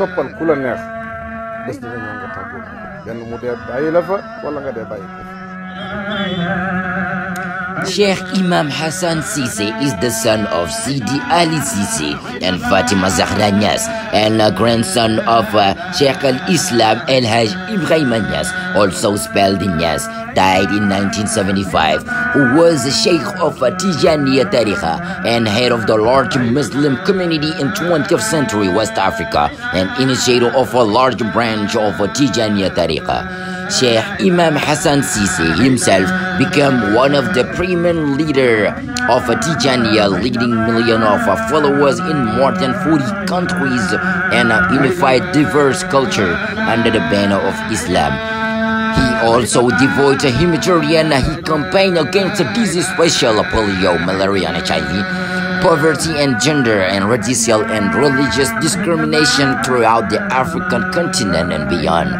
soppal ku la neex bés dina ñëw nga tàggoo benn mu dee bàyyi la fa wala nga dee bàyyi ko Sheikh Imam Hassan Sisi is the son of Sidi Ali Sisi and Fatima Zahra Nias, and a grandson of uh, Sheikh al-Islam El-Haj Ibrahim Nias, also spelled Nias, died in 1975, who was the Sheikh of uh, Tijaniya Tariqa and head of the large Muslim community in 20th century West Africa and initiator of a large branch of uh, Tijaniya Tariqa. Sheikh Imam Hassan Sisi himself became one of the prominent leader of Tijaniya, leading millions of followers in more than 40 countries and unified diverse culture under the banner of Islam. He also devoted humanitarian he campaigned against disease special polio, malaria and HIV, poverty and gender and racial and religious discrimination throughout the African continent and beyond.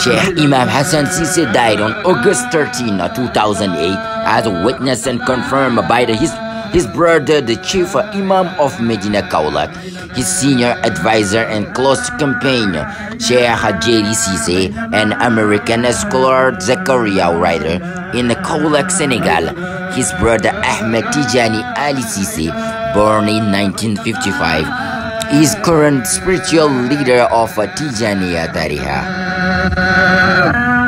Sheikh Imam Hassan Sisi died on August 13, 2008 as witnessed and confirmed by the, his, his brother, the chief Imam of Medina Kaulat, his senior advisor and close companion, Sheikh Hajeri Sisi, an American scholar Zakaria writer in Kaulak, Senegal. His brother Ahmed Tijani Ali Sisi, born in 1955, is current spiritual leader of Tijaniya Atariha.